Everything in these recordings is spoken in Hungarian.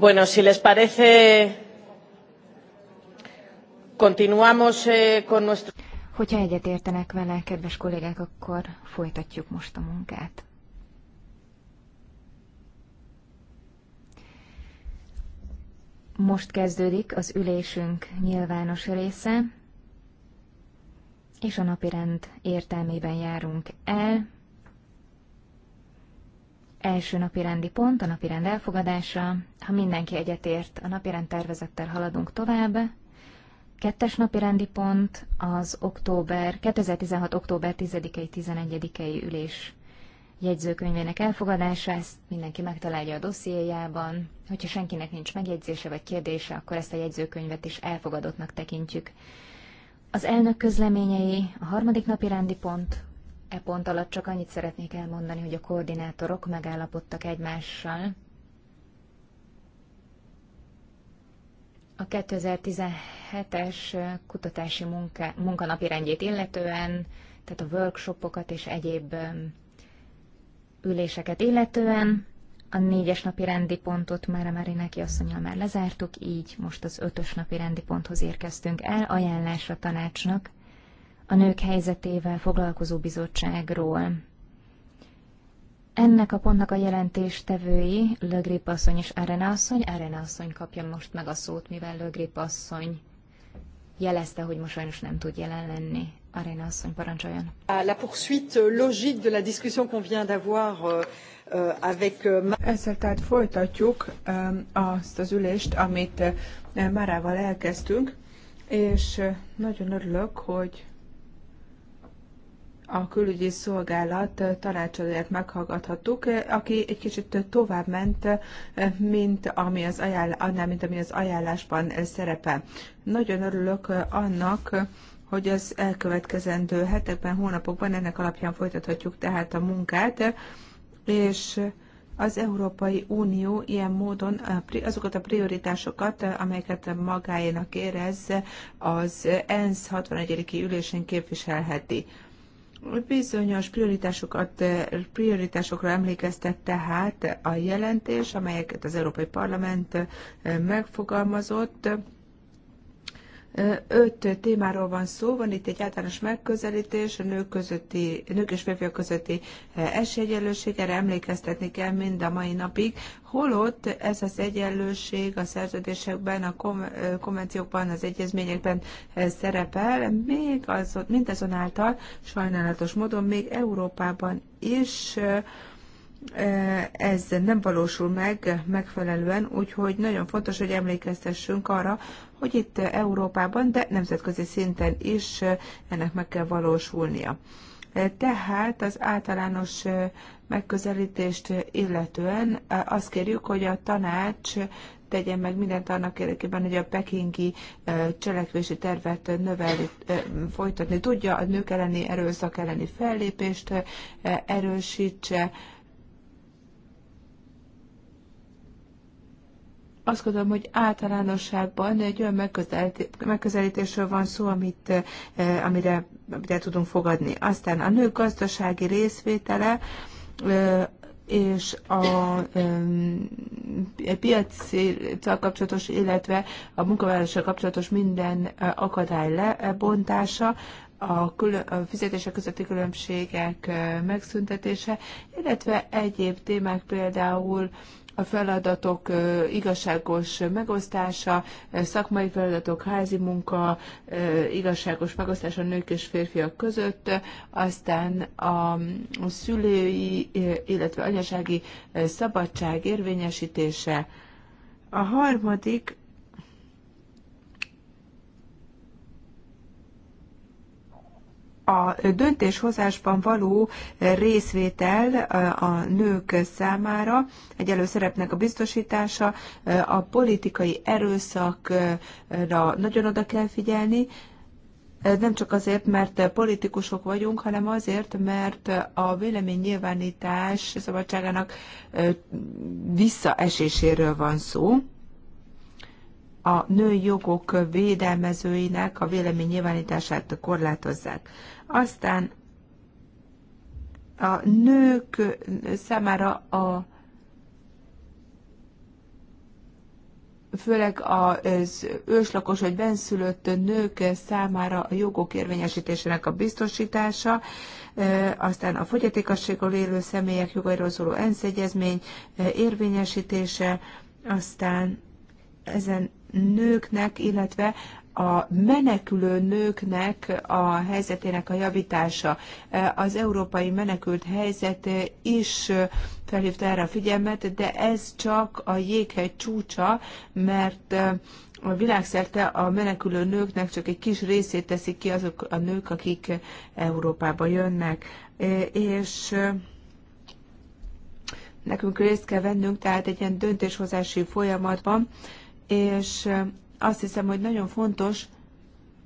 Bueno, si les parece, continuamos eh, con nuestro... Hogyha egyetértenek vele, kedves kollégák, akkor folytatjuk most a munkát. Most kezdődik az ülésünk nyilvános része, és a napirend értelmében járunk el. Első napi rendi pont, a napi rend elfogadása. Ha mindenki egyetért, a napi rend tervezettel haladunk tovább. Kettes napi rendi pont az október, 2016. október 10-i 11-i ülés jegyzőkönyvének elfogadása, ezt mindenki megtalálja a dossziéjában. Hogyha senkinek nincs megjegyzése vagy kérdése, akkor ezt a jegyzőkönyvet is elfogadottnak tekintjük. Az elnök közleményei, a harmadik napi rendi pont, E pont alatt csak annyit szeretnék elmondani, hogy a koordinátorok megállapodtak egymással. A 2017-es kutatási munka, munkanapi rendjét illetően, tehát a workshopokat és egyéb üléseket illetően, a négyes napi rendi pontot már a neki asszonyal már lezártuk, így most az ötös napi rendi ponthoz érkeztünk el, ajánlásra tanácsnak a nők helyzetével foglalkozó bizottságról. Ennek a pontnak a jelentéstevői Lögrip asszony és Arena asszony. Arena asszony kapja most meg a szót, mivel Lögrip asszony jelezte, hogy most sajnos nem tud jelen lenni. Arena asszony, parancsoljon. La poursuite logique de la discussion qu'on vient d'avoir euh, euh, avec... Euh, Ezzel tehát folytatjuk um, azt az ülést, amit uh, Márával elkezdtünk, és uh, nagyon örülök, hogy a külügyi szolgálat tanácsadóját meghallgathattuk, aki egy kicsit tovább ment, mint ami az, ajánl- annál, mint ami az ajánlásban szerepel. Nagyon örülök annak, hogy az elkövetkezendő hetekben, hónapokban ennek alapján folytathatjuk tehát a munkát, és az Európai Unió ilyen módon azokat a prioritásokat, amelyeket magáénak érez, az ENSZ 61. ülésén képviselheti. Bizonyos prioritásokat, eh, prioritásokra emlékeztet tehát a jelentés, amelyeket az Európai Parlament eh, megfogalmazott. Öt témáról van szó, van itt egy általános megközelítés, a nők, közötti, nők és férfiak közötti eh, esélyegyenlőség, erre emlékeztetni kell mind a mai napig, holott ez az egyenlőség a szerződésekben, a eh, konvenciókban, az egyezményekben eh, szerepel, még az, mindazonáltal sajnálatos módon még Európában is ez nem valósul meg megfelelően, úgyhogy nagyon fontos, hogy emlékeztessünk arra, hogy itt Európában, de nemzetközi szinten is ennek meg kell valósulnia. Tehát az általános megközelítést illetően azt kérjük, hogy a tanács tegyen meg mindent annak érdekében, hogy a pekingi cselekvési tervet növelni, folytatni tudja, a nők elleni erőszak elleni fellépést erősítse, azt gondolom, hogy általánosságban egy olyan megközelítésről van szó, amit, eh, amire, amire tudunk fogadni. Aztán a nők gazdasági részvétele eh, és a eh, piacsal kapcsolatos, illetve a munkavállalással kapcsolatos minden akadály lebontása, a, külön, a fizetések közötti különbségek megszüntetése, illetve egyéb témák például a feladatok igazságos megosztása, szakmai feladatok, házi munka, igazságos megosztása nők és férfiak között, aztán a szülői, illetve anyasági szabadság érvényesítése. A harmadik a döntéshozásban való részvétel eh, a nők számára, egyelő szerepnek a biztosítása, eh, a politikai erőszakra nagyon oda kell figyelni, eh, nem csak azért, mert politikusok vagyunk, hanem azért, mert a véleménynyilvánítás szabadságának visszaeséséről van szó a női jogok védelmezőinek a vélemény nyilvánítását korlátozzák. Aztán a nők számára a főleg az őslakos vagy benszülött nők számára a jogok érvényesítésének a biztosítása, aztán a fogyatékossággal élő személyek jogairól szóló ENSZ egyezmény érvényesítése, aztán ezen nőknek, illetve a menekülő nőknek a helyzetének a javítása. Az európai menekült helyzet is felhívta erre a figyelmet, de ez csak a jéghegy csúcsa, mert a világszerte a menekülő nőknek csak egy kis részét teszik ki azok a nők, akik Európába jönnek. És nekünk részt kell vennünk, tehát egy ilyen döntéshozási folyamatban, és azt hiszem, hogy nagyon fontos,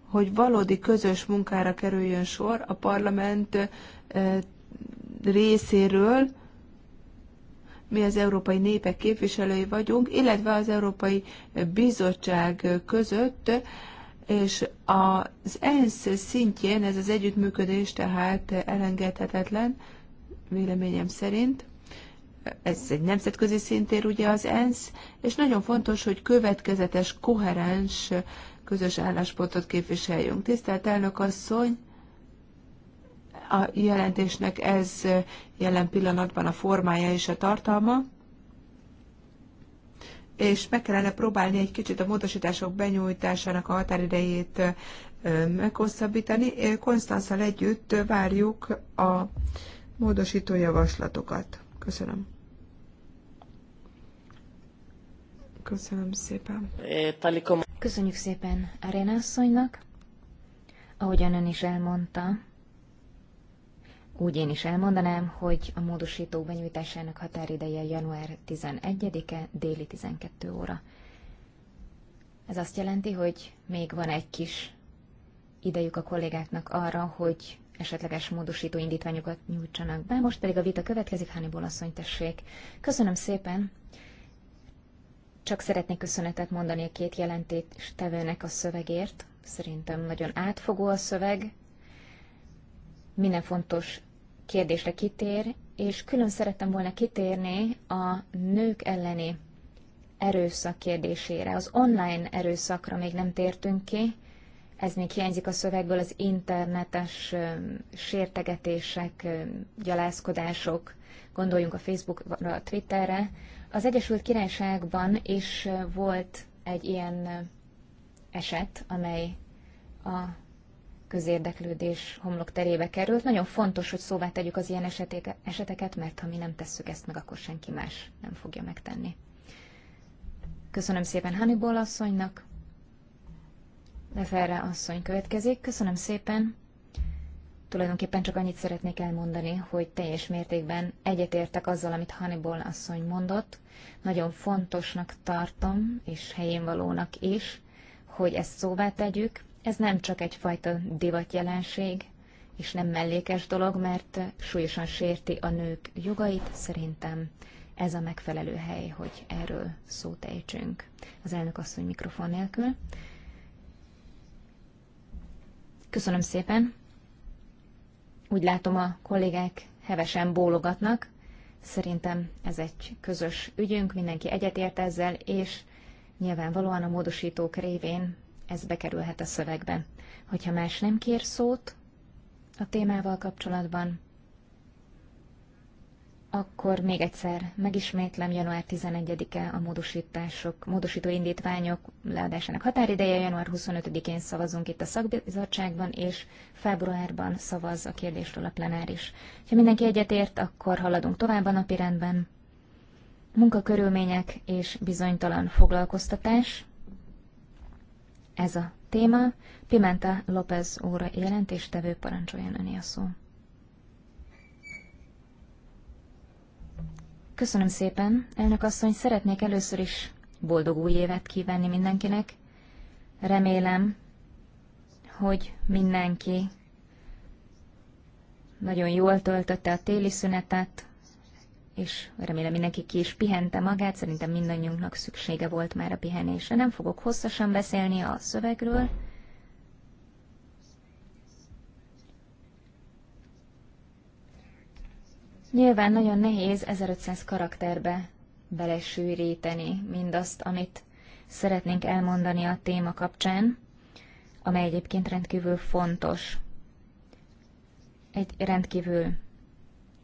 hogy valódi közös munkára kerüljön sor a parlament részéről, mi az európai népek képviselői vagyunk, illetve az Európai Bizottság között, és az ENSZ szintjén ez az együttműködés tehát elengedhetetlen, véleményem szerint ez egy nemzetközi szintér ugye az ENSZ, és nagyon fontos, hogy következetes, koherens közös álláspontot képviseljünk. Tisztelt elnök asszony, a jelentésnek ez jelen pillanatban a formája és a tartalma, és meg kellene próbálni egy kicsit a módosítások benyújtásának a határidejét meghosszabbítani. Konstanszal együtt várjuk a módosító javaslatokat. Köszönöm. Köszönöm szépen. Köszönjük szépen Arena asszonynak. Ahogyan ön is elmondta, úgy én is elmondanám, hogy a módosító benyújtásának határideje január 11-e déli 12 óra. Ez azt jelenti, hogy még van egy kis idejük a kollégáknak arra, hogy esetleges módosító indítványokat nyújtsanak be. Most pedig a vita következik, Hannibal asszony tessék. Köszönöm szépen! Csak szeretnék köszönetet mondani a két jelentéstevőnek a szövegért. Szerintem nagyon átfogó a szöveg, minden fontos kérdésre kitér, és külön szerettem volna kitérni a nők elleni erőszak kérdésére. Az online erőszakra még nem tértünk ki, ez még hiányzik a szövegből, az internetes sértegetések, gyalázkodások, gondoljunk a Facebookra, a Twitterre, az Egyesült Királyságban is volt egy ilyen eset, amely a közérdeklődés homlok terébe került. Nagyon fontos, hogy szóvá tegyük az ilyen eseteket, mert ha mi nem tesszük ezt meg, akkor senki más nem fogja megtenni. Köszönöm szépen Hannibal asszonynak. Leferre asszony következik. Köszönöm szépen. Tulajdonképpen csak annyit szeretnék elmondani, hogy teljes mértékben egyetértek azzal, amit Hannibal asszony mondott. Nagyon fontosnak tartom, és helyénvalónak is, hogy ezt szóvá tegyük. Ez nem csak egyfajta divatjelenség, és nem mellékes dolog, mert súlyosan sérti a nők jogait, szerintem ez a megfelelő hely, hogy erről szót ejtsünk. Az elnök asszony mikrofon nélkül. Köszönöm szépen! Úgy látom, a kollégák hevesen bólogatnak. Szerintem ez egy közös ügyünk, mindenki egyetért ezzel, és nyilvánvalóan a módosítók révén ez bekerülhet a szövegbe. Hogyha más nem kér szót a témával kapcsolatban, akkor még egyszer megismétlem, január 11-e a módosítások, módosító indítványok leadásának határideje, január 25-én szavazunk itt a szakbizottságban, és februárban szavaz a kérdésről a plenáris. Ha mindenki egyetért, akkor haladunk tovább a rendben. Munkakörülmények és bizonytalan foglalkoztatás. Ez a téma. Pimenta López óra jelentéstevő parancsoljon öné a szó. Köszönöm szépen. Elnök asszony, szeretnék először is boldog új évet kívánni mindenkinek. Remélem, hogy mindenki nagyon jól töltötte a téli szünetet, és remélem mindenki ki is pihente magát, szerintem mindannyiunknak szüksége volt már a pihenésre. Nem fogok hosszasan beszélni a szövegről, Nyilván nagyon nehéz 1500 karakterbe belesűríteni mindazt, amit szeretnénk elmondani a téma kapcsán, amely egyébként rendkívül fontos. Egy rendkívül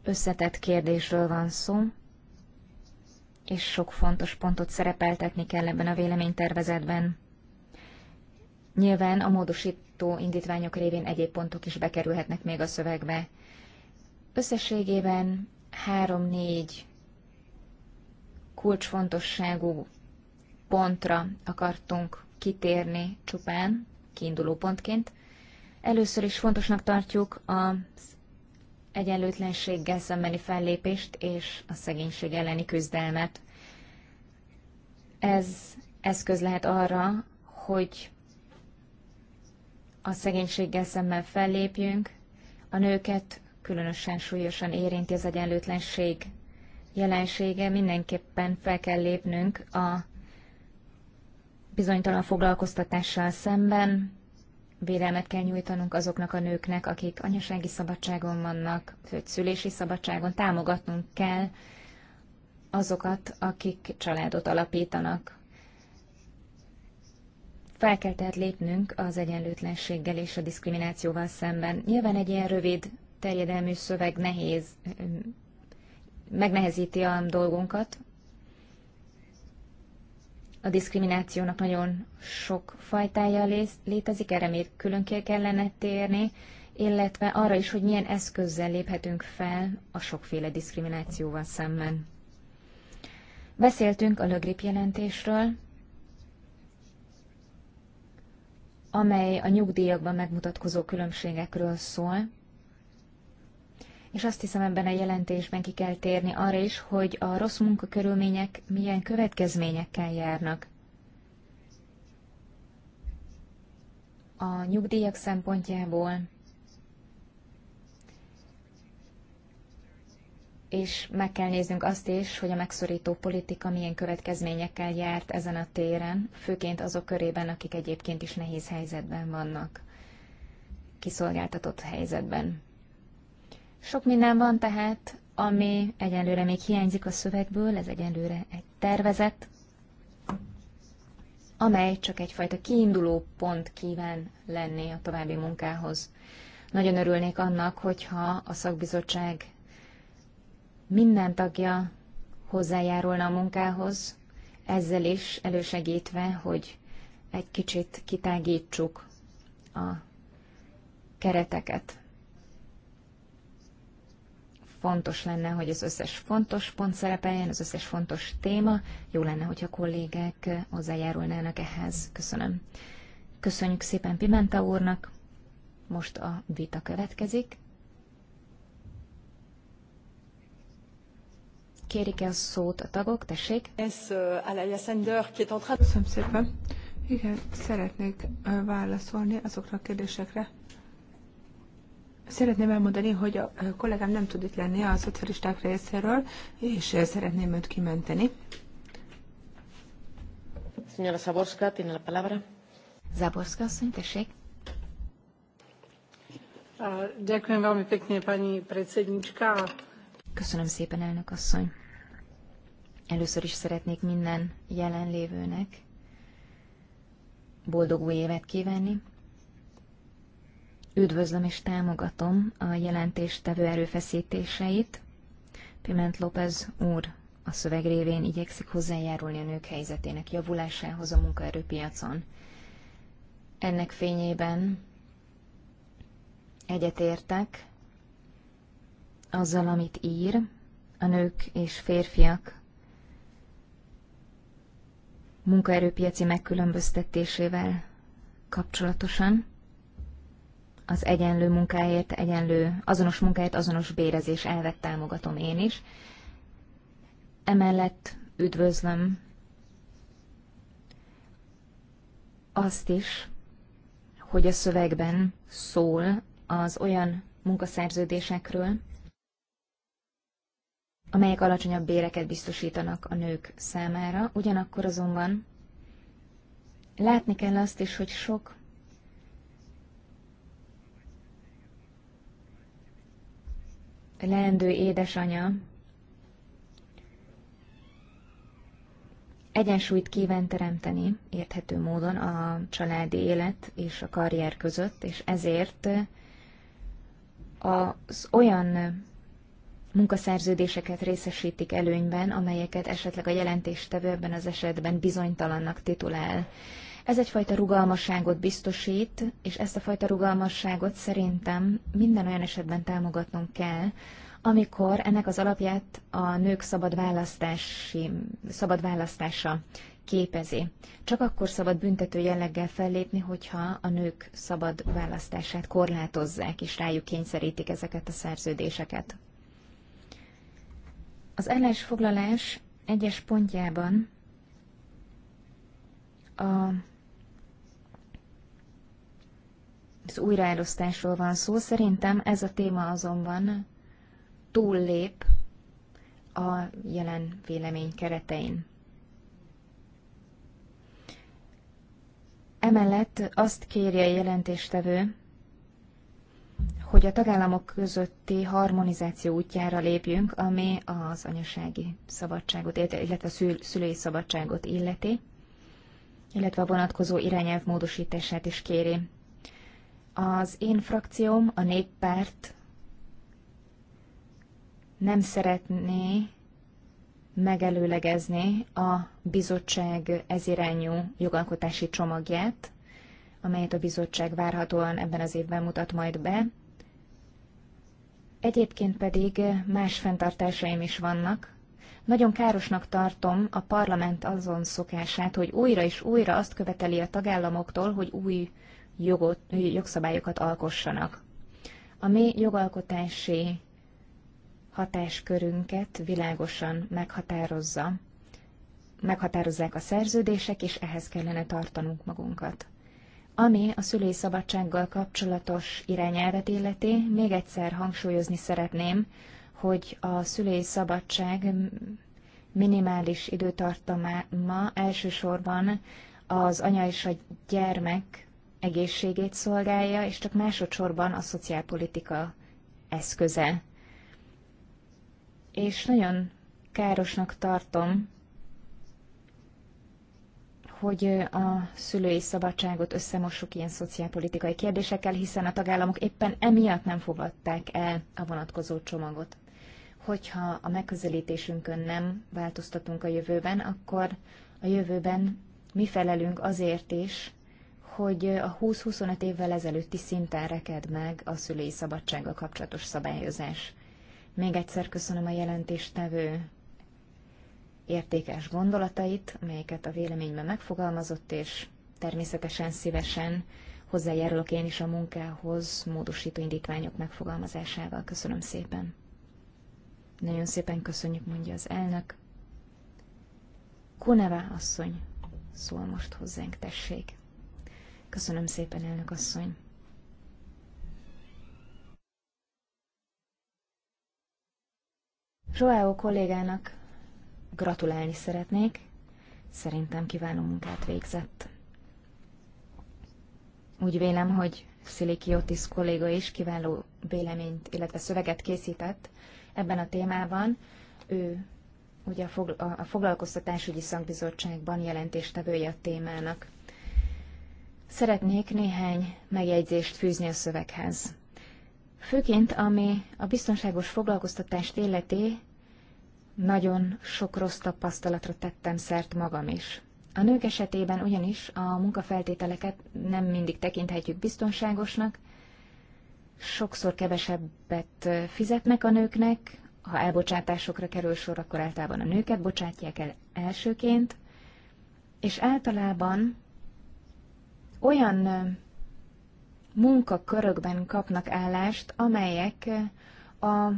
összetett kérdésről van szó, és sok fontos pontot szerepeltetni kell ebben a véleménytervezetben. Nyilván a módosító indítványok révén egyéb pontok is bekerülhetnek még a szövegbe. Összességében három-négy kulcsfontosságú pontra akartunk kitérni csupán, kiinduló pontként. Először is fontosnak tartjuk az egyenlőtlenséggel szembeni fellépést és a szegénység elleni küzdelmet. Ez eszköz lehet arra, hogy a szegénységgel szemben fellépjünk, a nőket különösen súlyosan érinti az egyenlőtlenség jelensége, mindenképpen fel kell lépnünk a bizonytalan foglalkoztatással szemben, védelmet kell nyújtanunk azoknak a nőknek, akik anyasági szabadságon vannak, főt szülési szabadságon, támogatnunk kell azokat, akik családot alapítanak. Fel kell tehát lépnünk az egyenlőtlenséggel és a diszkriminációval szemben. Nyilván egy ilyen rövid terjedelmű szöveg nehéz, megnehezíti a dolgunkat. A diszkriminációnak nagyon sok fajtája létezik, erre még külön kellene térni, illetve arra is, hogy milyen eszközzel léphetünk fel a sokféle diszkriminációval szemben. Beszéltünk a LÖGRIP jelentésről, amely a nyugdíjakban megmutatkozó különbségekről szól és azt hiszem ebben a jelentésben ki kell térni arra is, hogy a rossz munkakörülmények milyen következményekkel járnak. A nyugdíjak szempontjából, és meg kell néznünk azt is, hogy a megszorító politika milyen következményekkel járt ezen a téren, főként azok körében, akik egyébként is nehéz helyzetben vannak, kiszolgáltatott helyzetben. Sok minden van tehát, ami egyenlőre még hiányzik a szövegből, ez egyenlőre egy tervezet, amely csak egyfajta kiinduló pont kíván lenni a további munkához. Nagyon örülnék annak, hogyha a szakbizottság minden tagja hozzájárulna a munkához, ezzel is elősegítve, hogy egy kicsit kitágítsuk a kereteket fontos lenne, hogy az összes fontos pont szerepeljen, az összes fontos téma. Jó lenne, hogyha kollégák hozzájárulnának ehhez. Köszönöm. Köszönjük szépen Pimenta úrnak. Most a vita következik. Kérik-e a szót a tagok? Tessék. Köszönöm szépen. Igen, szeretnék válaszolni azokra a kérdésekre, Szeretném elmondani, hogy a kollégám nem tud itt lenni a szocialisták részéről, és szeretném őt kimenteni. Señora Zaborska, tiene la palabra. Zaborska, asszony, tessék. Ďakujem veľmi pekne, pani predsednička. Köszönöm szépen, elnök asszony. Először is szeretnék minden jelenlévőnek boldog új évet kívánni. Üdvözlöm és támogatom a jelentéstevő erőfeszítéseit. Piment López úr a szöveg révén igyekszik hozzájárulni a nők helyzetének javulásához a munkaerőpiacon. Ennek fényében egyetértek azzal, amit ír, a nők és férfiak munkaerőpiaci megkülönböztetésével kapcsolatosan az egyenlő munkáért, egyenlő, azonos munkáért, azonos bérezés elvet támogatom én is. Emellett üdvözlöm azt is, hogy a szövegben szól az olyan munkaszerződésekről, amelyek alacsonyabb béreket biztosítanak a nők számára, ugyanakkor azonban látni kell azt is, hogy sok leendő édesanya egyensúlyt kíván teremteni érthető módon a családi élet és a karrier között, és ezért az olyan munkaszerződéseket részesítik előnyben, amelyeket esetleg a jelentéstevő ebben az esetben bizonytalannak titulál. Ez egyfajta rugalmasságot biztosít, és ezt a fajta rugalmasságot szerintem minden olyan esetben támogatnunk kell, amikor ennek az alapját a nők szabad, választási, szabad választása képezi. Csak akkor szabad büntető jelleggel fellépni, hogyha a nők szabad választását korlátozzák, és rájuk kényszerítik ezeket a szerződéseket. Az ellensfoglalás egyes pontjában a az újraelosztásról van szó. Szerintem ez a téma azonban túllép a jelen vélemény keretein. Emellett azt kérje a jelentéstevő, hogy a tagállamok közötti harmonizáció útjára lépjünk, ami az anyasági szabadságot, illetve a szülői szabadságot illeti, illetve a vonatkozó irányelv módosítását is kéri. Az én frakcióm, a néppárt nem szeretné megelőlegezni a bizottság ezirányú jogalkotási csomagját, amelyet a bizottság várhatóan ebben az évben mutat majd be. Egyébként pedig más fenntartásaim is vannak. Nagyon károsnak tartom a parlament azon szokását, hogy újra és újra azt követeli a tagállamoktól, hogy új jogot, jogszabályokat alkossanak. A mi jogalkotási hatáskörünket világosan meghatározza, meghatározzák a szerződések, és ehhez kellene tartanunk magunkat. Ami a szülői szabadsággal kapcsolatos irányelvet illeti, még egyszer hangsúlyozni szeretném, hogy a szülői szabadság minimális időtartama elsősorban az anya és a gyermek egészségét szolgálja, és csak másodszorban a szociálpolitika eszköze. És nagyon károsnak tartom, hogy a szülői szabadságot összemossuk ilyen szociálpolitikai kérdésekkel, hiszen a tagállamok éppen emiatt nem fogadták el a vonatkozó csomagot. Hogyha a megközelítésünkön nem változtatunk a jövőben, akkor a jövőben mi felelünk azért is, hogy a 20-25 évvel ezelőtti szinten reked meg a szülői szabadsággal kapcsolatos szabályozás. Még egyszer köszönöm a jelentéstevő értékes gondolatait, amelyeket a véleményben megfogalmazott, és természetesen szívesen hozzájárulok én is a munkához módosító indítványok megfogalmazásával. Köszönöm szépen. Nagyon szépen köszönjük, mondja az elnök. Kuneva asszony szól most hozzánk, tessék. Köszönöm szépen, elnök asszony. Joao kollégának gratulálni szeretnék. Szerintem kiváló munkát végzett. Úgy vélem, hogy Szilikiotis kolléga is kiváló véleményt, illetve szöveget készített ebben a témában. Ő ugye a foglalkoztatásügyi szakbizottságban jelentéstevője a témának. Szeretnék néhány megjegyzést fűzni a szöveghez. Főként, ami a biztonságos foglalkoztatást illeti, nagyon sok rossz tapasztalatra tettem szert magam is. A nők esetében ugyanis a munkafeltételeket nem mindig tekinthetjük biztonságosnak, sokszor kevesebbet fizetnek a nőknek, ha elbocsátásokra kerül sor, akkor általában a nőket bocsátják el elsőként, és általában olyan munkakörökben kapnak állást, amelyek a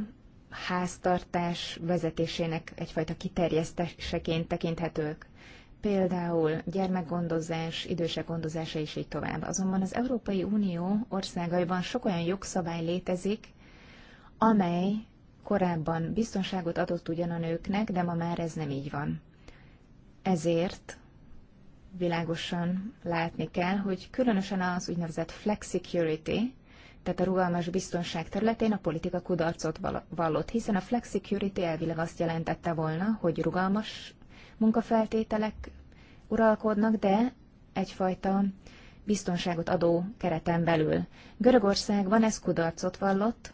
háztartás vezetésének egyfajta kiterjesztéseként tekinthetők. Például gyermekgondozás, idősek gondozása és így tovább. Azonban az Európai Unió országaiban sok olyan jogszabály létezik, amely korábban biztonságot adott ugyan a nőknek, de ma már ez nem így van. Ezért világosan látni kell, hogy különösen az úgynevezett flexicurity, tehát a rugalmas biztonság területén a politika kudarcot vallott, hiszen a flexicurity elvileg azt jelentette volna, hogy rugalmas munkafeltételek uralkodnak, de egyfajta biztonságot adó kereten belül. Görögországban ez kudarcot vallott,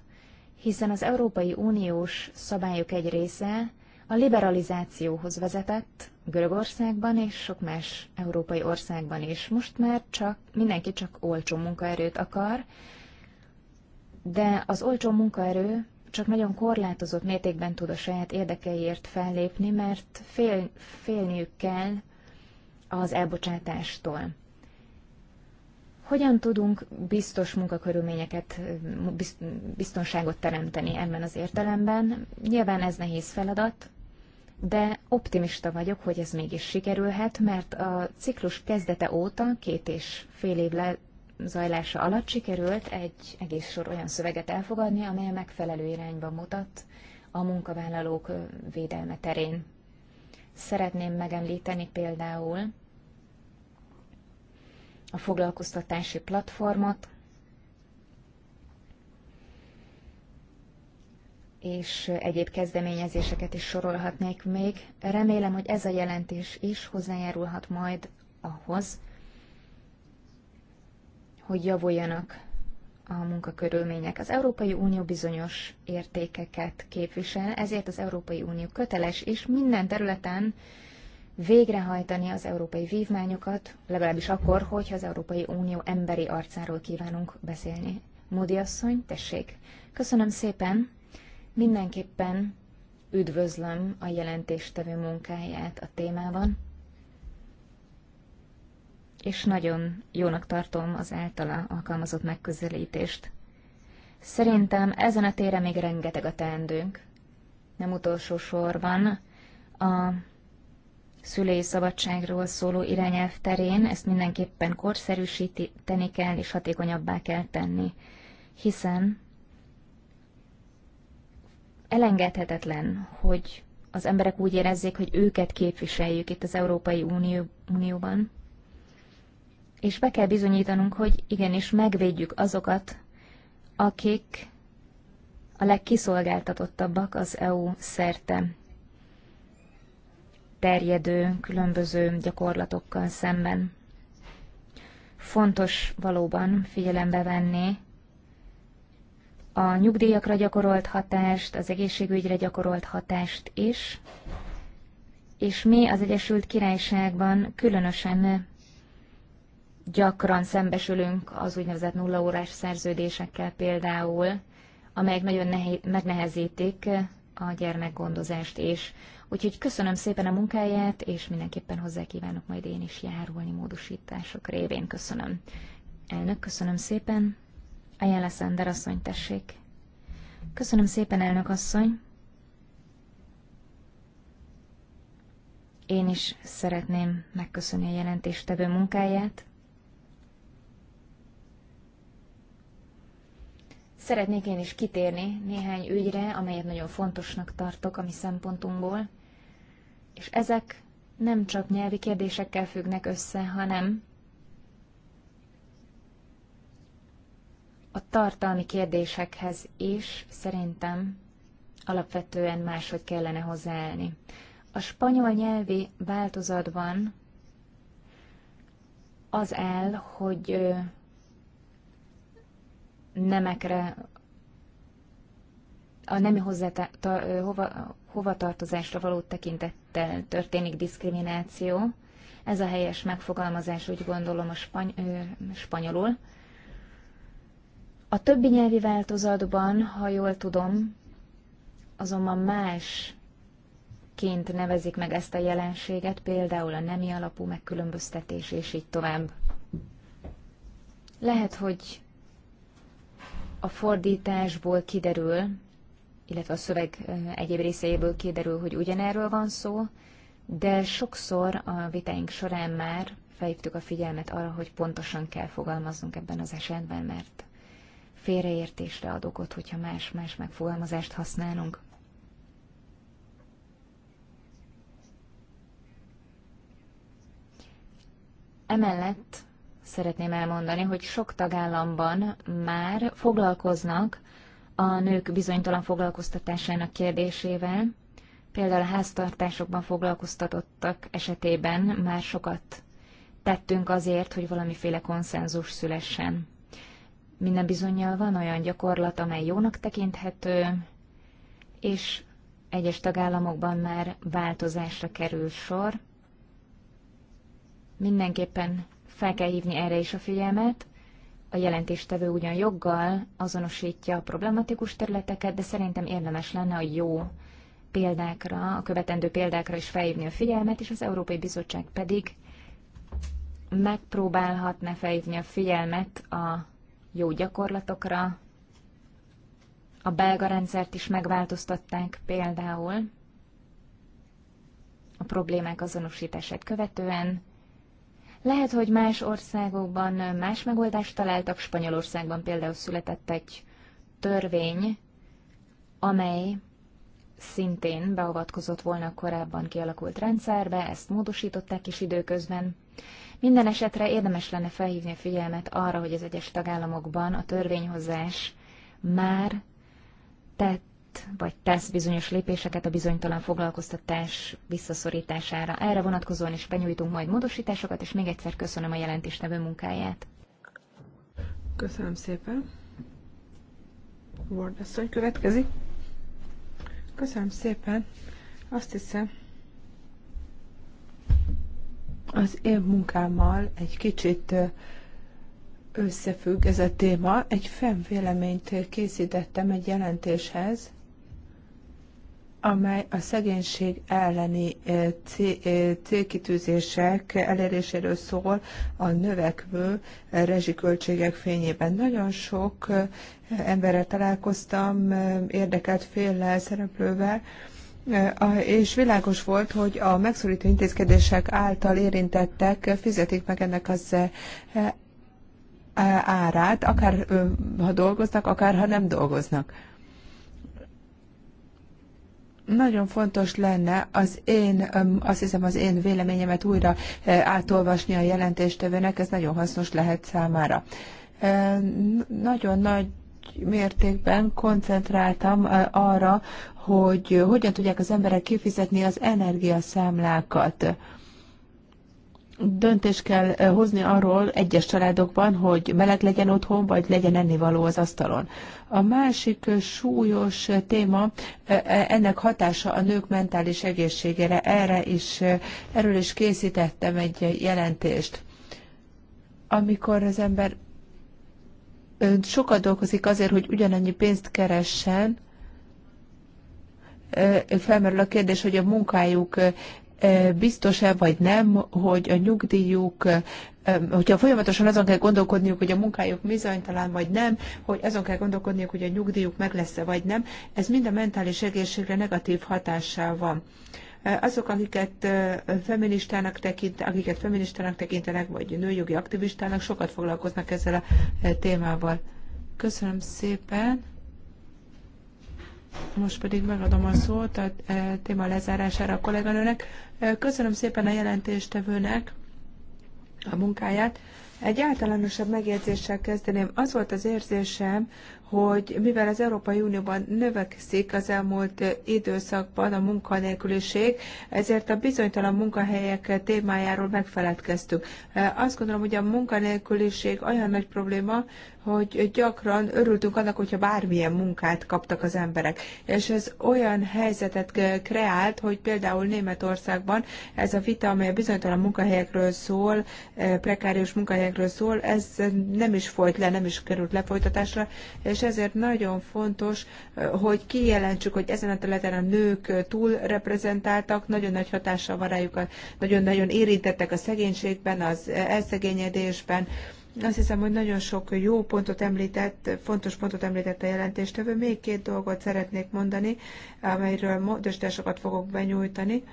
hiszen az Európai Uniós szabályok egy része a liberalizációhoz vezetett Görögországban és sok más európai országban is. Most már csak mindenki csak olcsó munkaerőt akar, de az olcsó munkaerő csak nagyon korlátozott mértékben tud a saját érdekeiért fellépni, mert fél, félniük kell az elbocsátástól. Hogyan tudunk biztos munkakörülményeket, biztonságot teremteni ebben az értelemben? Nyilván ez nehéz feladat, de optimista vagyok, hogy ez mégis sikerülhet, mert a ciklus kezdete óta, két és fél év lezajlása alatt sikerült egy egész sor olyan szöveget elfogadni, amely megfelelő irányba mutat a munkavállalók védelme terén. Szeretném megemlíteni például a foglalkoztatási platformot, és egyéb kezdeményezéseket is sorolhatnék még. Remélem, hogy ez a jelentés is hozzájárulhat majd ahhoz, hogy javuljanak a munkakörülmények. Az Európai Unió bizonyos értékeket képvisel, ezért az Európai Unió köteles és minden területen végrehajtani az európai vívmányokat, legalábbis akkor, hogyha az Európai Unió emberi arcáról kívánunk beszélni. Módi asszony, tessék! Köszönöm szépen! Mindenképpen üdvözlöm a jelentéstevő munkáját a témában, és nagyon jónak tartom az általa alkalmazott megközelítést. Szerintem ezen a téren még rengeteg a teendőnk. Nem utolsó sorban a szülői szabadságról szóló irányelv terén ezt mindenképpen korszerűsíteni kell és hatékonyabbá kell tenni, hiszen elengedhetetlen, hogy az emberek úgy érezzék, hogy őket képviseljük itt az Európai Unió, Unióban. És be kell bizonyítanunk, hogy igenis megvédjük azokat, akik a legkiszolgáltatottabbak az EU szerte terjedő különböző gyakorlatokkal szemben. Fontos valóban figyelembe venni a nyugdíjakra gyakorolt hatást, az egészségügyre gyakorolt hatást is, és mi az Egyesült Királyságban különösen gyakran szembesülünk az úgynevezett nullaórás szerződésekkel például, amelyek nagyon nehéz, megnehezítik a gyermekgondozást is. Úgyhogy köszönöm szépen a munkáját, és mindenképpen hozzá kívánok majd én is járulni módosítások révén. Köszönöm. Elnök, köszönöm szépen. A Szender asszony, tessék. Köszönöm szépen, elnök asszony. Én is szeretném megköszönni a jelentéstevő munkáját. Szeretnék én is kitérni néhány ügyre, amelyet nagyon fontosnak tartok a mi szempontunkból, és ezek nem csak nyelvi kérdésekkel függnek össze, hanem a tartalmi kérdésekhez is szerintem alapvetően máshogy kellene hozzáállni. A spanyol nyelvi változatban az el, hogy nemekre, a nemi hozzáta, hova, hovatartozásra való tekintettel történik diszkrimináció. Ez a helyes megfogalmazás, úgy gondolom, a spany- spanyolul. A többi nyelvi változatban, ha jól tudom, azonban más ként nevezik meg ezt a jelenséget, például a nemi alapú megkülönböztetés, és így tovább. Lehet, hogy a fordításból kiderül, illetve a szöveg egyéb részeiből kiderül, hogy ugyanerről van szó, de sokszor a vitáink során már felhívtuk a figyelmet arra, hogy pontosan kell fogalmaznunk ebben az esetben, mert félreértésre ad okot, hogyha más-más megfogalmazást használunk. Emellett szeretném elmondani, hogy sok tagállamban már foglalkoznak a nők bizonytalan foglalkoztatásának kérdésével. Például a háztartásokban foglalkoztatottak esetében már sokat tettünk azért, hogy valamiféle konszenzus szülessen. Minden bizonyal van olyan gyakorlat, amely jónak tekinthető, és egyes tagállamokban már változásra kerül sor. Mindenképpen fel kell hívni erre is a figyelmet. A jelentéstevő ugyan joggal azonosítja a problematikus területeket, de szerintem érdemes lenne a jó példákra, a követendő példákra is felhívni a figyelmet, és az Európai Bizottság pedig megpróbálhatna felhívni a figyelmet a jó gyakorlatokra. A belga rendszert is megváltoztatták például a problémák azonosítását követően. Lehet, hogy más országokban más megoldást találtak, Spanyolországban például született egy törvény, amely szintén beavatkozott volna a korábban kialakult rendszerbe, ezt módosították is időközben. Minden esetre érdemes lenne felhívni a figyelmet arra, hogy az egyes tagállamokban a törvényhozás már tett vagy tesz bizonyos lépéseket a bizonytalan foglalkoztatás visszaszorítására. Erre vonatkozóan is benyújtunk majd módosításokat, és még egyszer köszönöm a jelentéstevő munkáját. Köszönöm szépen. Ward következik. Köszönöm szépen. Azt hiszem, az én munkámmal egy kicsit összefügg ez a téma. Egy fennvéleményt készítettem egy jelentéshez, amely a szegénység elleni célkitűzések eléréséről szól a növekvő rezsiköltségek fényében. Nagyon sok emberrel találkoztam, érdekelt féllel, szereplővel, és világos volt, hogy a megszorító intézkedések által érintettek fizetik meg ennek az e, e, árát, akár ha dolgoznak, akár ha nem dolgoznak. Nagyon fontos lenne az én, azt hiszem az én véleményemet újra e, átolvasni a jelentéstevőnek, ez nagyon hasznos lehet számára. Nagyon nagy mértékben koncentráltam arra, hogy hogyan tudják az emberek kifizetni az energiaszámlákat döntést kell hozni arról egyes családokban, hogy meleg legyen otthon, vagy legyen ennivaló az asztalon. A másik súlyos téma ennek hatása a nők mentális egészségére. Erre is, erről is készítettem egy jelentést. Amikor az ember sokat dolgozik azért, hogy ugyanannyi pénzt keressen, felmerül a kérdés, hogy a munkájuk biztos-e vagy nem, hogy a nyugdíjuk, hogyha folyamatosan azon kell gondolkodniuk, hogy a munkájuk bizonytalan vagy nem, hogy azon kell gondolkodniuk, hogy a nyugdíjuk meg lesz-e vagy nem, ez mind a mentális egészségre negatív hatással van. Azok, akiket feministának, tekint, akiket feministának tekintenek, vagy nőjogi aktivistának, sokat foglalkoznak ezzel a témával. Köszönöm szépen! Most pedig megadom a szót a téma lezárására a kolléganőnek. Köszönöm szépen a jelentéstevőnek a munkáját. Egy általánosabb megjegyzéssel kezdeném. Az volt az érzésem, hogy mivel az Európai Unióban növekszik az elmúlt eh, időszakban a munkanélküliség, ezért a bizonytalan munkahelyek eh, témájáról megfeledkeztük. Eh, azt gondolom, hogy a munkanélküliség olyan nagy probléma, hogy gyakran örültünk annak, hogyha bármilyen munkát kaptak az emberek. És ez olyan helyzetet kreált, hogy például Németországban ez a vita, amely a bizonytalan munkahelyekről szól, prekárius munkahelyekről szól, ez nem is folyt le, nem is került lefolytatásra, és és ezért nagyon fontos, hogy kijelentsük, hogy ezen a területen a nők túl reprezentáltak, nagyon nagy hatással van rájuk, nagyon-nagyon érintettek a szegénységben, az elszegényedésben, azt hiszem, hogy nagyon sok jó pontot említett, fontos pontot említett a jelentéstevő. Még két dolgot szeretnék mondani, amelyről módosításokat fogok benyújtani.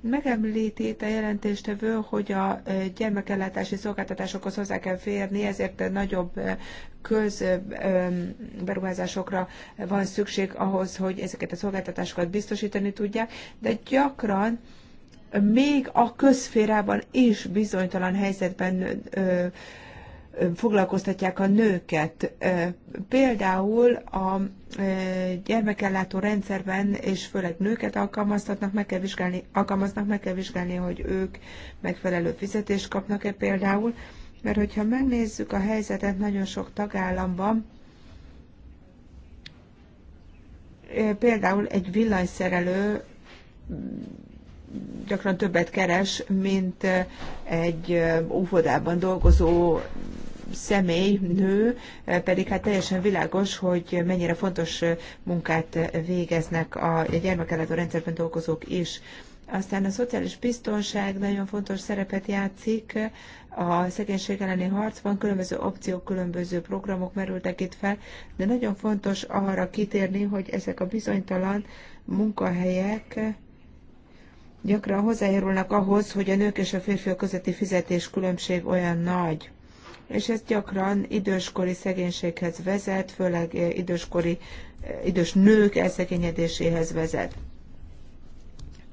Megemlíti a jelentéstevő, hogy a gyermekellátási szolgáltatásokhoz hozzá kell férni, ezért nagyobb közberuházásokra van szükség ahhoz, hogy ezeket a szolgáltatásokat biztosítani tudják, de gyakran még a közférában is bizonytalan helyzetben foglalkoztatják a nőket. Például a gyermekellátó rendszerben, és főleg nőket alkalmaztatnak, meg kell vizsgálni, alkalmaznak, meg kell vizsgálni, hogy ők megfelelő fizetést kapnak-e például, mert hogyha megnézzük a helyzetet nagyon sok tagállamban, például egy villanyszerelő gyakran többet keres, mint egy óvodában dolgozó személy, nő, pedig hát teljesen világos, hogy mennyire fontos munkát végeznek a gyermekelátó rendszerben dolgozók is. Aztán a szociális biztonság nagyon fontos szerepet játszik a szegénység elleni harcban, különböző opciók, különböző programok merültek itt fel, de nagyon fontos arra kitérni, hogy ezek a bizonytalan munkahelyek gyakran hozzájárulnak ahhoz, hogy a nők és a férfiak közötti fizetés különbség olyan nagy és ez gyakran időskori szegénységhez vezet, főleg eh, időskori, eh, idős nők elszegényedéséhez vezet.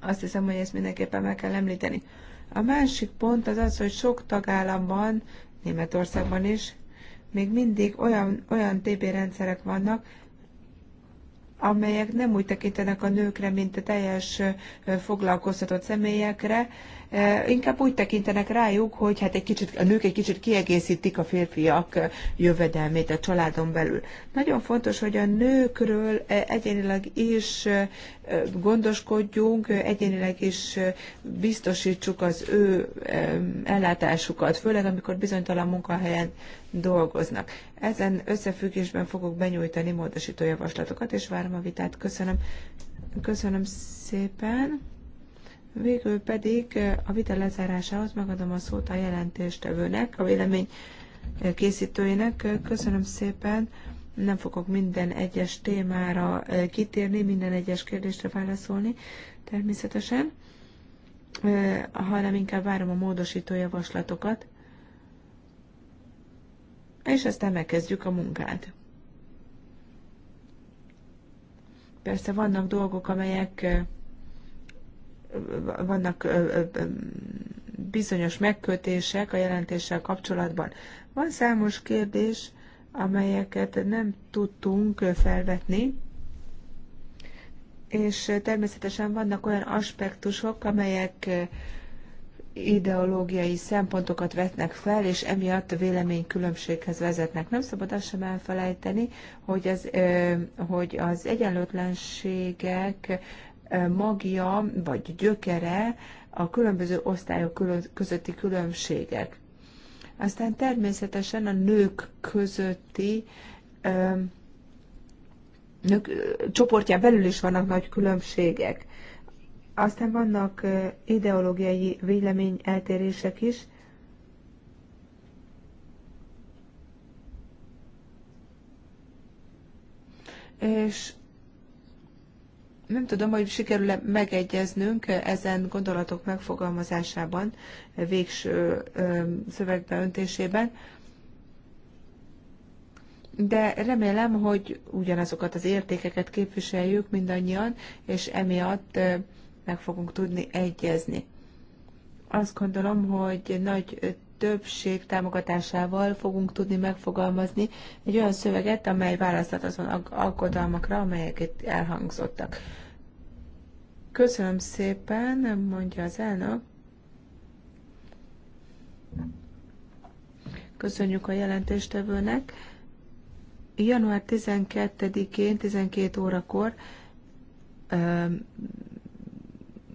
Azt hiszem, hogy ezt mindenképpen meg kell említeni. A másik pont az az, hogy sok tagállamban, Németországban is, még mindig olyan, olyan TB rendszerek vannak, amelyek nem úgy tekintenek a nőkre, mint a teljes eh, foglalkoztatott személyekre, inkább úgy tekintenek rájuk, hogy hát egy kicsit, a nők egy kicsit kiegészítik a férfiak jövedelmét a családon belül. Nagyon fontos, hogy a nőkről egyénileg is gondoskodjunk, egyénileg is biztosítsuk az ő ellátásukat, főleg amikor bizonytalan munkahelyen dolgoznak. Ezen összefüggésben fogok benyújtani módosító javaslatokat, és várom a vitát. Köszönöm, köszönöm szépen. Végül pedig eh, a vita lezárásához megadom a szót a jelentéstevőnek, a vélemény eh, készítőjének. Eh, köszönöm szépen. Nem fogok minden egyes témára kitérni, minden egyes kérdésre válaszolni természetesen, hanem inkább várom a módosító javaslatokat, és aztán megkezdjük a munkát. Persze vannak dolgok, amelyek vannak bizonyos megkötések a jelentéssel kapcsolatban. Van számos kérdés, amelyeket nem tudtunk felvetni, és természetesen vannak olyan aspektusok, amelyek ideológiai szempontokat vetnek fel, és emiatt véleménykülönbséghez vezetnek. Nem szabad azt sem elfelejteni, hogy az, hogy az egyenlőtlenségek magja vagy gyökere a különböző osztályok közötti különbségek. Aztán természetesen a nők közötti nők csoportján belül is vannak nagy különbségek. Aztán vannak ideológiai vélemény eltérések is, és nem tudom, hogy sikerül-e megegyeznünk ezen gondolatok megfogalmazásában, végső szövegbeöntésében, de remélem, hogy ugyanazokat az értékeket képviseljük mindannyian, és emiatt meg fogunk tudni egyezni. Azt gondolom, hogy nagy többség támogatásával fogunk tudni megfogalmazni egy olyan szöveget, amely választhat azon aggodalmakra, amelyek itt elhangzottak. Köszönöm szépen, mondja az elnök. Köszönjük a jelentéstevőnek. Január 12-én, 12 órakor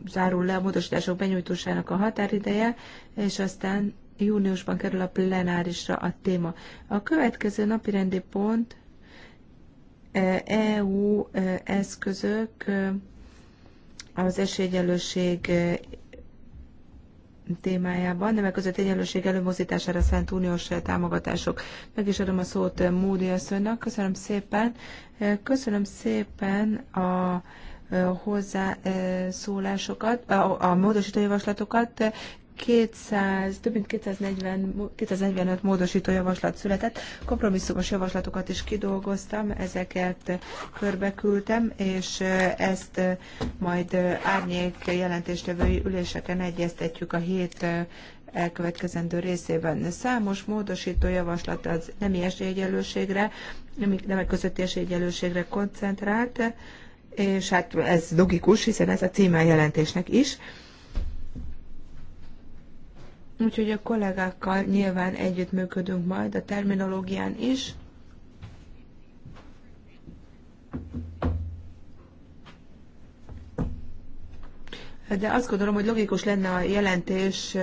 zárul le a módosítások benyújtósának a határideje, és aztán júniusban kerül a plenárisra a téma. A következő napi rendi pont EU e e, eszközök e, az esélyegyenlőség témájában, nemek között egyenlőség előmozdítására szánt uniós támogatások. Meg is adom a szót Módi asszonynak. Köszönöm szépen. Köszönöm szépen a hozzászólásokat, a, a módosítójavaslatokat. javaslatokat. 200, több mint 240, 245 módosító javaslat született, kompromisszumos javaslatokat is kidolgoztam, ezeket körbeküldtem, és ezt majd árnyék jelentéstevői üléseken egyeztetjük a hét elkövetkezendő részében. Számos módosító javaslat az nemi esélyegyelőségre, nemek közötti esélyegyelőségre koncentrált, és hát ez logikus, hiszen ez a címe a jelentésnek is. Úgyhogy a kollégákkal nyilván együttműködünk majd a terminológián is. De azt gondolom, hogy logikus lenne a jelentés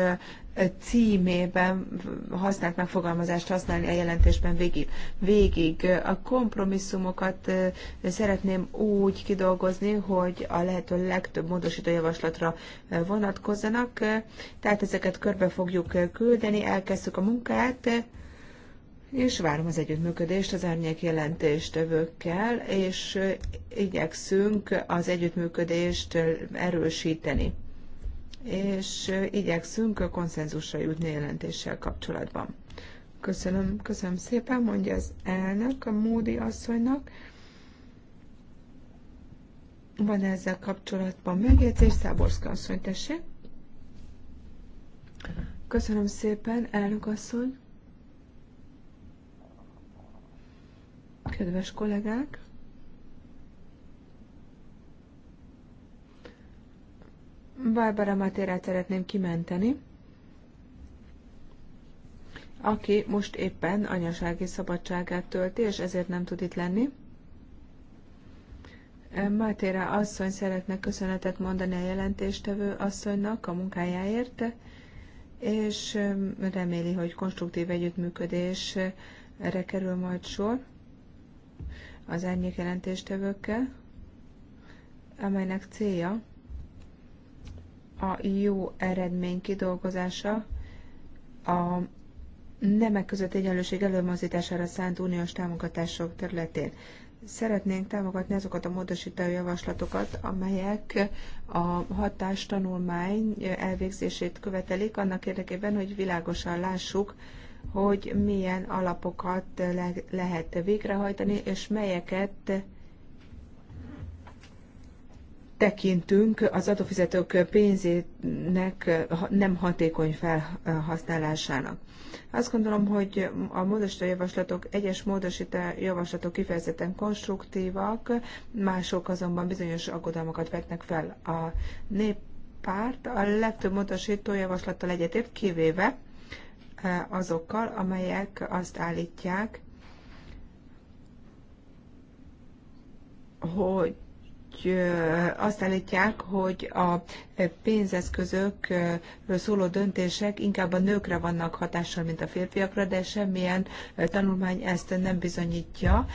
címében használt megfogalmazást használni a jelentésben végig. végig. A kompromisszumokat szeretném úgy kidolgozni, hogy a lehető legtöbb módosító javaslatra vonatkozzanak, tehát ezeket körbe fogjuk küldeni, elkezdtük a munkát, és várom az együttműködést az árnyék jelentéstevőkkel, és igyekszünk az együttműködést erősíteni és igyekszünk konszenzusra jutni jelentéssel kapcsolatban. Köszönöm, köszönöm szépen, mondja az elnök a Módi asszonynak. Van -e ezzel kapcsolatban megjegyzés? Száborszka asszony, tessék. Köszönöm szépen, elnök asszony. Kedves kollégák! Barbara Matérát szeretném kimenteni, aki most éppen anyasági szabadságát tölti, és ezért nem tud itt lenni. Mátéra asszony szeretne köszönetet mondani a jelentéstevő asszonynak a munkájáért, és reméli, hogy konstruktív együttműködésre kerül majd sor az árnyék jelentéstevőkkel, amelynek célja, a jó eredmény kidolgozása a nemek között egyenlőség előmozdítására szánt uniós támogatások területén. Szeretnénk támogatni azokat a módosító javaslatokat, amelyek a hatástanulmány elvégzését követelik, annak érdekében, hogy világosan lássuk, hogy milyen alapokat le lehet végrehajtani, és melyeket tekintünk az adófizetők pénzének nem hatékony felhasználásának. Azt gondolom, hogy a módosító javaslatok, egyes módosító javaslatok kifejezetten konstruktívak, mások azonban bizonyos aggodalmakat vetnek fel. A néppárt a legtöbb módosító javaslattal egyetért, kivéve e, azokkal, amelyek azt állítják, hogy hogy azt állítják, hogy a pénzeszközökről szóló döntések inkább a nőkre vannak hatással, mint a férfiakra, de semmilyen tanulmány ezt nem bizonyítja.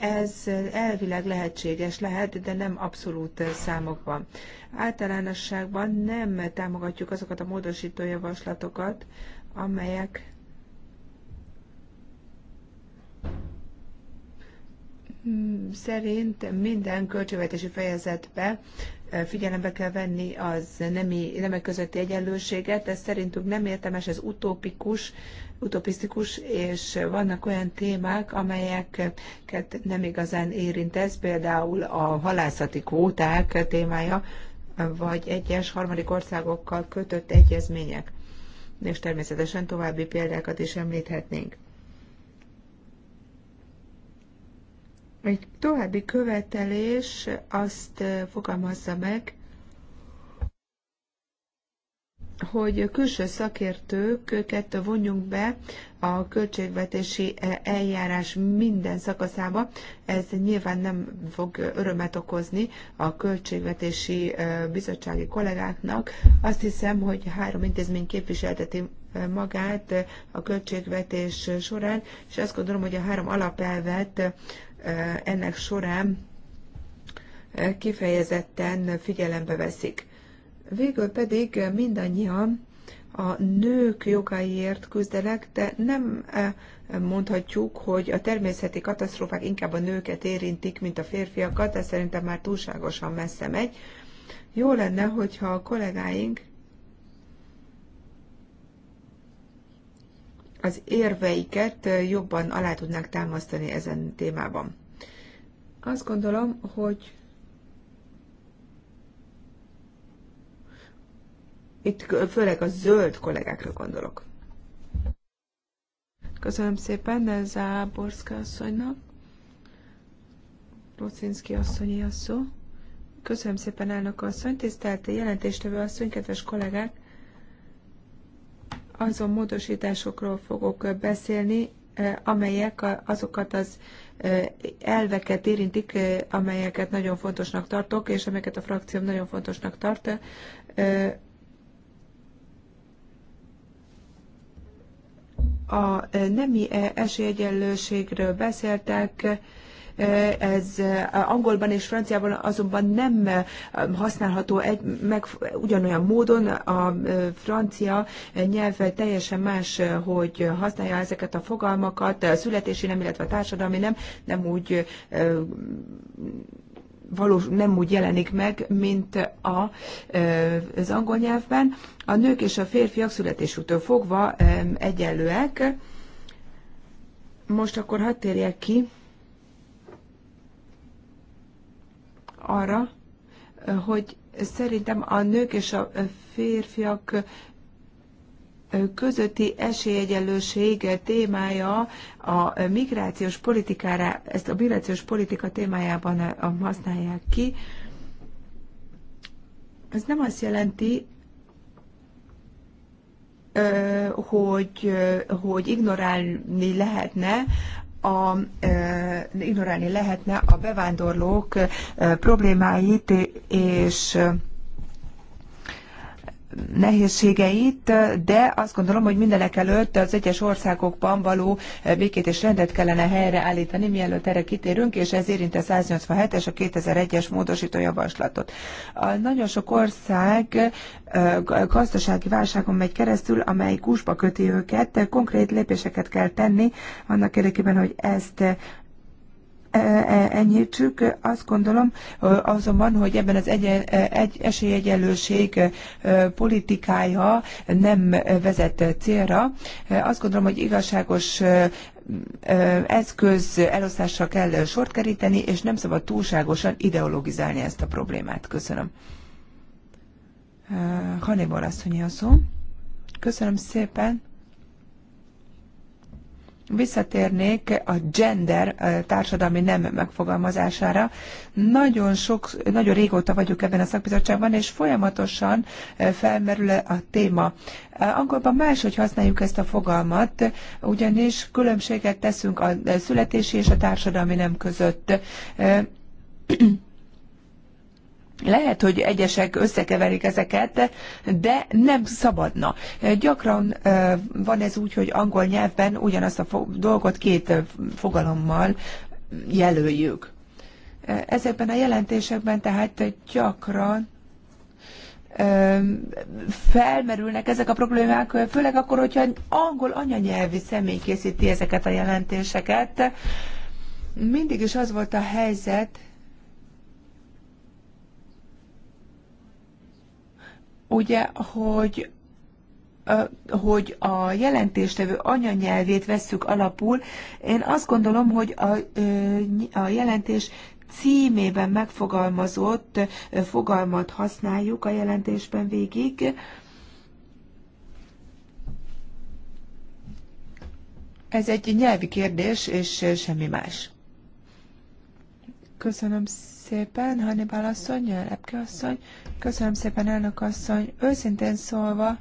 Ez elvileg lehetséges lehet, de nem abszolút számokban. Általánosságban nem támogatjuk azokat a módosító javaslatokat, amelyek szerint minden költségvetési fejezetbe figyelembe kell venni az nemi, nemek közötti egyenlőséget, ez szerintünk nem értemes, ez utópikus, utopisztikus, és vannak olyan témák, amelyeket nem igazán érint ez, például a halászati kvóták témája, vagy egyes harmadik országokkal kötött egyezmények. És természetesen további példákat is említhetnénk. Egy további követelés azt eh, fogalmazza meg, hogy külső szakértőket vonjunk be a költségvetési eh, eljárás minden szakaszába. Ez nyilván nem fog örömet okozni a költségvetési eh, bizottsági kollégáknak. Azt hiszem, hogy három intézmény képviselteti magát a költségvetés során, és azt gondolom, hogy a három alapelvet Eh, ennek során eh, kifejezetten figyelembe veszik. Végül pedig eh, mindannyian a nők jogaiért küzdelek, de nem mondhatjuk, hogy a természeti katasztrófák inkább a nőket érintik, mint a férfiakat, ez szerintem már túlságosan messze megy. Jó lenne, hogyha a kollégáink az érveiket jobban alá tudnák támasztani ezen témában. Azt gondolom, hogy itt főleg a zöld kollégákra gondolok. Köszönöm szépen Záborszka asszonynak. Rocinski asszonyi asszó. Köszönöm szépen, elnök asszony, tisztelt jelentéstevő asszony, kedves kollégák! azon módosításokról fogok beszélni, eh, amelyek azokat az eh, elveket érintik, eh, amelyeket nagyon fontosnak tartok, és amelyeket a frakcióm nagyon fontosnak tart. A nemi esélyegyenlőségről beszéltek, ez angolban és franciában azonban nem használható egy, meg, ugyanolyan módon. A francia nyelv teljesen más, hogy használja ezeket a fogalmakat, a születési nem, illetve a társadalmi nem, nem úgy valós, nem úgy jelenik meg, mint a, az angol nyelvben. A nők és a férfiak születésútól fogva egyenlőek. Most akkor hadd térjek ki arra, hogy szerintem a nők és a férfiak közötti esélyegyenlőség témája a migrációs politikára, ezt a migrációs politika témájában használják ki. Ez nem azt jelenti, hogy, hogy ignorálni lehetne a, e, ignorálni lehetne a bevándorlók e, problémáit és nehézségeit, de azt gondolom, hogy mindenek előtt az egyes országokban való békét és rendet kellene helyreállítani, mielőtt erre kitérünk, és ez érinte 187-es, a 2001-es módosító javaslatot. A nagyon sok ország gazdasági válságon megy keresztül, amely kúsba köti őket, konkrét lépéseket kell tenni annak érdekében, hogy ezt E, e, enyhítsük. Azt gondolom azonban, hogy ebben az egy e, egy esélyegyenlőség politikája nem vezet célra. Azt gondolom, hogy igazságos eszköz elosztásra kell sort keríteni, és nem szabad túlságosan ideologizálni ezt a problémát. Köszönöm. Hannibal asszonyi a szó. Köszönöm szépen visszatérnék a gender társadalmi nem megfogalmazására. Nagyon, sok, nagyon régóta vagyok ebben a szakbizottságban, és folyamatosan felmerül a téma. Angolban máshogy használjuk ezt a fogalmat, ugyanis különbséget teszünk a születési és a társadalmi nem között lehet, hogy egyesek összekeverik ezeket, de nem szabadna. Gyakran van ez úgy, hogy angol nyelvben ugyanazt a dolgot két fogalommal jelöljük. Ezekben a jelentésekben tehát gyakran felmerülnek ezek a problémák, főleg akkor, hogyha angol anyanyelvi személy készíti ezeket a jelentéseket. Mindig is az volt a helyzet, ugye, hogy hogy a jelentéstevő anyanyelvét vesszük alapul. Én azt gondolom, hogy a, a jelentés címében megfogalmazott fogalmat használjuk a jelentésben végig. Ez egy nyelvi kérdés, és semmi más. Köszönöm szépen szépen, Hannibal asszony, Lepke asszony. Köszönöm szépen, elnök asszony. Őszintén szólva,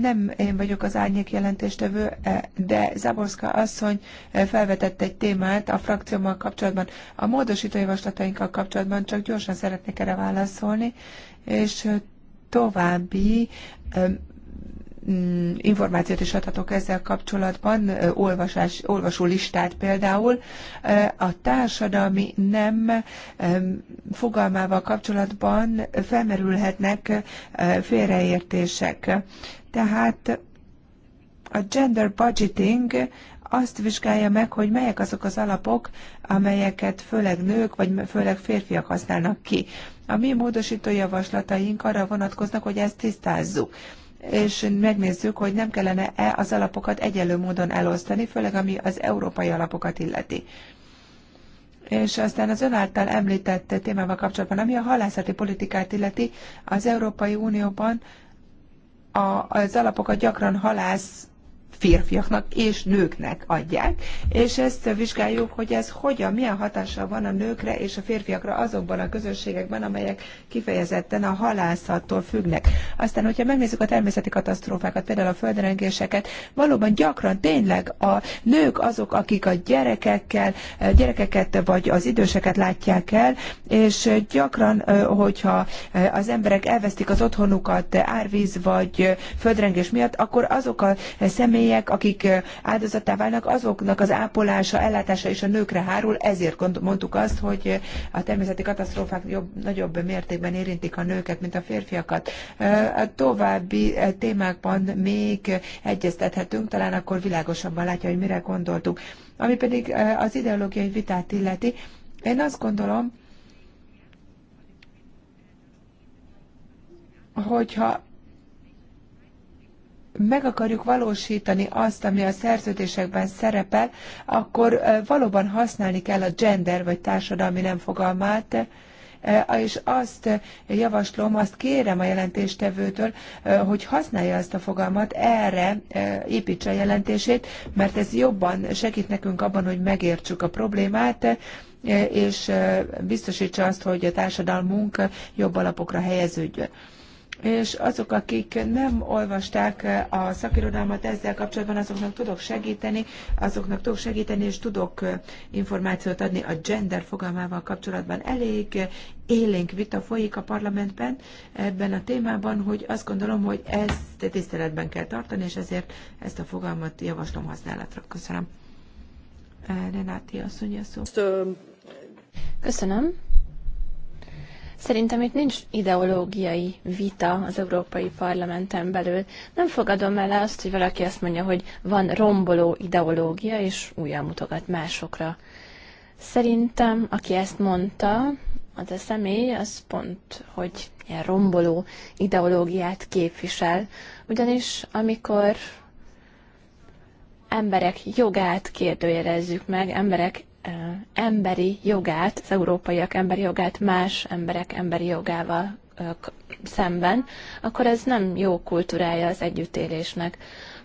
nem én vagyok az árnyék jelentéstevő, de Zaborska asszony felvetett egy témát a frakciómmal kapcsolatban, a módosító javaslatainkkal kapcsolatban, csak gyorsan szeretnék erre válaszolni, és további Mm, információt is adhatok ezzel kapcsolatban, olvasás, olvasó listát például. A társadalmi nem fogalmával kapcsolatban felmerülhetnek félreértések. Tehát a gender budgeting azt vizsgálja meg, hogy melyek azok az alapok, amelyeket főleg nők vagy főleg férfiak használnak ki. A mi módosító javaslataink arra vonatkoznak, hogy ezt tisztázzuk és megnézzük, hogy nem kellene-e az alapokat egyenlő módon elosztani, főleg ami az európai alapokat illeti. És aztán az ön által említett témával kapcsolatban, ami a halászati politikát illeti, az Európai Unióban a, az alapokat gyakran halász férfiaknak és nőknek adják, és ezt vizsgáljuk, hogy ez hogyan, milyen hatással van a nőkre és a férfiakra azokban a közösségekben, amelyek kifejezetten a halászattól függnek. Aztán, hogyha megnézzük a természeti katasztrófákat, például a földrengéseket, valóban gyakran tényleg a nők azok, akik a gyerekekkel, gyerekeket vagy az időseket látják el, és gyakran, hogyha az emberek elvesztik az otthonukat árvíz vagy földrengés miatt, akkor azok a személy, személyek, akik áldozattá válnak, azoknak az ápolása, ellátása és a nőkre hárul, ezért mondtuk azt, hogy a természeti katasztrófák jobb, nagyobb mértékben érintik a nőket, mint a férfiakat. A további témákban még egyeztethetünk, talán akkor világosabban látja, hogy mire gondoltuk. Ami pedig az ideológiai vitát illeti, én azt gondolom, hogyha meg akarjuk valósítani azt, ami a szerződésekben szerepel, akkor valóban használni kell a gender vagy társadalmi nem fogalmát, és azt javaslom, azt kérem a jelentéstevőtől, hogy használja ezt a fogalmat, erre építse a jelentését, mert ez jobban segít nekünk abban, hogy megértsük a problémát, és biztosítsa azt, hogy a társadalmunk jobb alapokra helyeződjön és azok, akik nem olvasták eh, a szakirodalmat ezzel kapcsolatban, azoknak tudok segíteni, azoknak tudok segíteni, és tudok eh, információt adni a gender fogalmával kapcsolatban. Elég eh, élénk vita folyik a parlamentben ebben a témában, hogy azt gondolom, hogy ezt tiszteletben kell tartani, és ezért ezt a fogalmat javaslom használatra. Köszönöm. Renáti asszony a szó. Köszönöm. Szerintem itt nincs ideológiai vita az Európai Parlamenten belül. Nem fogadom el azt, hogy valaki azt mondja, hogy van romboló ideológia, és újra mutogat másokra. Szerintem, aki ezt mondta, az a személy, az pont, hogy ilyen romboló ideológiát képvisel. Ugyanis amikor emberek jogát kérdőjelezzük meg, emberek emberi jogát, az európaiak emberi jogát más emberek emberi jogával szemben, akkor ez nem jó kultúrája az együttélésnek.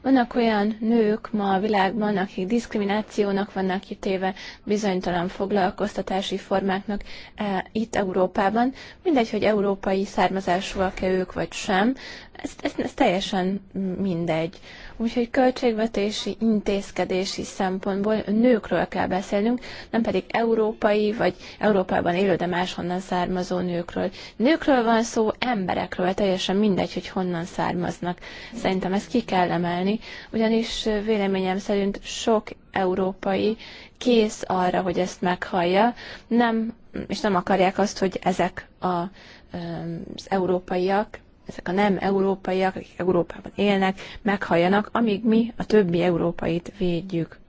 Vannak olyan nők ma a világban, akik diszkriminációnak vannak kitéve, bizonytalan foglalkoztatási formáknak e, itt Európában. Mindegy, hogy európai származásúak-e ők vagy sem, ez, ez, ez teljesen mindegy. Úgyhogy költségvetési, intézkedési szempontból nőkről kell beszélnünk, nem pedig európai vagy Európában élő, de máshonnan származó nőkről. Nőkről van szó, emberekről, teljesen mindegy, hogy honnan származnak. Szerintem ezt ki kell emelni, ugyanis véleményem szerint sok európai kész arra, hogy ezt meghallja, nem, és nem akarják azt, hogy ezek a, az európaiak, ezek a nem európaiak, akik Európában élnek, meghalljanak, amíg mi a többi európait védjük.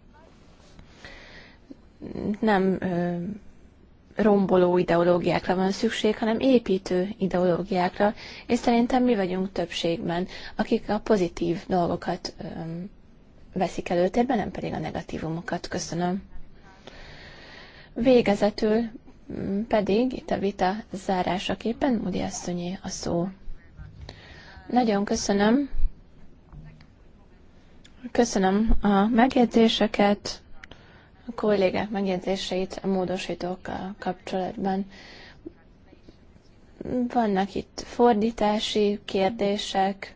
Nem romboló ideológiákra van szükség, hanem építő ideológiákra, és szerintem mi vagyunk többségben, akik a pozitív dolgokat öm, veszik előtérbe, nem pedig a negatívumokat. Köszönöm. Végezetül mm, pedig itt a vita zárásaképpen Mudi Asszonyi a szó. Nagyon köszönöm. Köszönöm a megjegyzéseket, a kollégák megjegyzéseit a módosítókkal kapcsolatban. Vannak itt fordítási kérdések,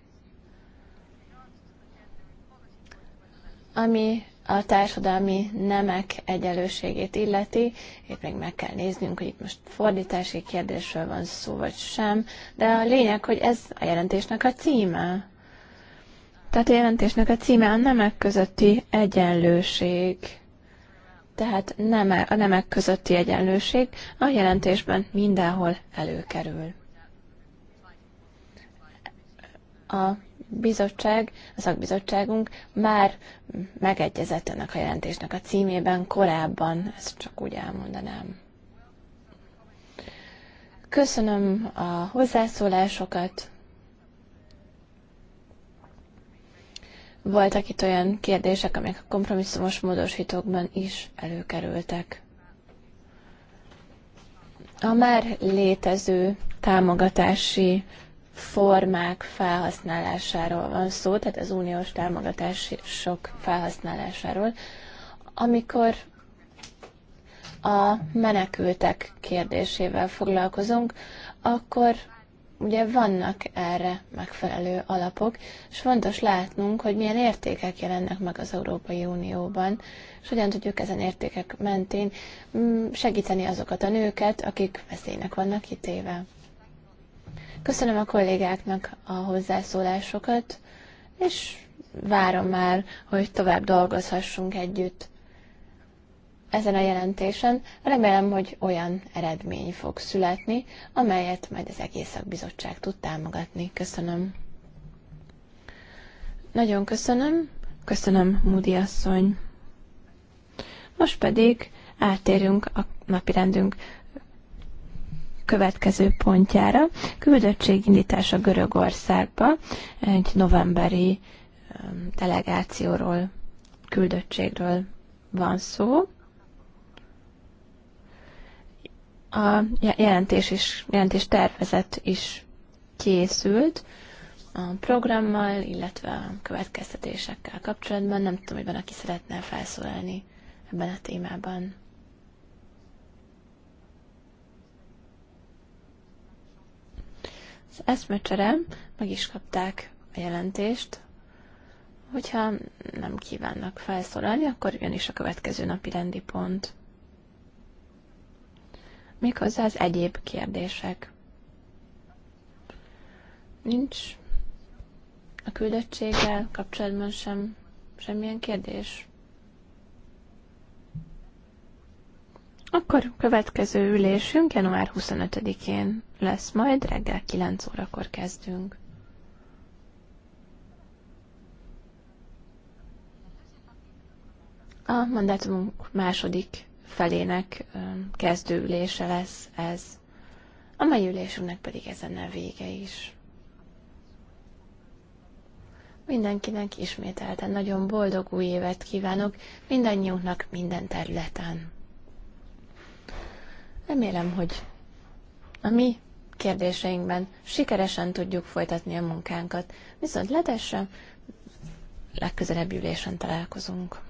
ami a társadalmi nemek egyenlőségét illeti. Itt még meg kell néznünk, hogy itt most fordítási kérdésről van szó, vagy sem. De a lényeg, hogy ez a jelentésnek a címe. Tehát a jelentésnek a címe a nemek közötti egyenlőség tehát nem, a nemek közötti egyenlőség a jelentésben mindenhol előkerül. A bizottság, a szakbizottságunk már megegyezett ennek a jelentésnek a címében korábban, ezt csak úgy elmondanám. Köszönöm a hozzászólásokat, Voltak itt olyan kérdések, amelyek a kompromisszumos módosítókban is előkerültek. A már létező támogatási formák felhasználásáról van szó, tehát az uniós támogatási sok felhasználásáról, amikor a menekültek kérdésével foglalkozunk, akkor ugye vannak erre megfelelő alapok, és fontos látnunk, hogy milyen értékek jelennek meg az Európai Unióban, és hogyan tudjuk ezen értékek mentén mm, segíteni azokat a nőket, akik veszélynek vannak kitéve. Köszönöm a kollégáknak a hozzászólásokat, és várom már, hogy tovább dolgozhassunk együtt ezen a jelentésen. Remélem, hogy olyan eredmény fog születni, amelyet majd az egész szakbizottság tud támogatni. Köszönöm. Nagyon köszönöm. Köszönöm, Moody asszony. Most pedig átérünk a napirendünk következő pontjára. Küldöttségindítás a Görögországba egy novemberi um, delegációról, küldöttségről van szó. a jelentés, is, jelentés tervezet is készült a programmal, illetve a következtetésekkel kapcsolatban. Nem tudom, hogy van, aki szeretne felszólalni ebben a témában. Az eszmecsere, meg is kapták a jelentést. Hogyha nem kívánnak felszólalni, akkor jön is a következő napi rendi pont méghozzá az egyéb kérdések. Nincs a küldöttséggel kapcsolatban sem semmilyen kérdés. Akkor következő ülésünk január 25-én lesz, majd reggel 9 órakor kezdünk. A mandátumunk második felének kezdő ülése lesz ez. A mai ülésünknek pedig ezennel vége is. Mindenkinek ismételten nagyon boldog új évet kívánok mindannyiunknak minden területen. Remélem, hogy a mi kérdéseinkben sikeresen tudjuk folytatni a munkánkat, viszont letesse, legközelebb ülésen találkozunk.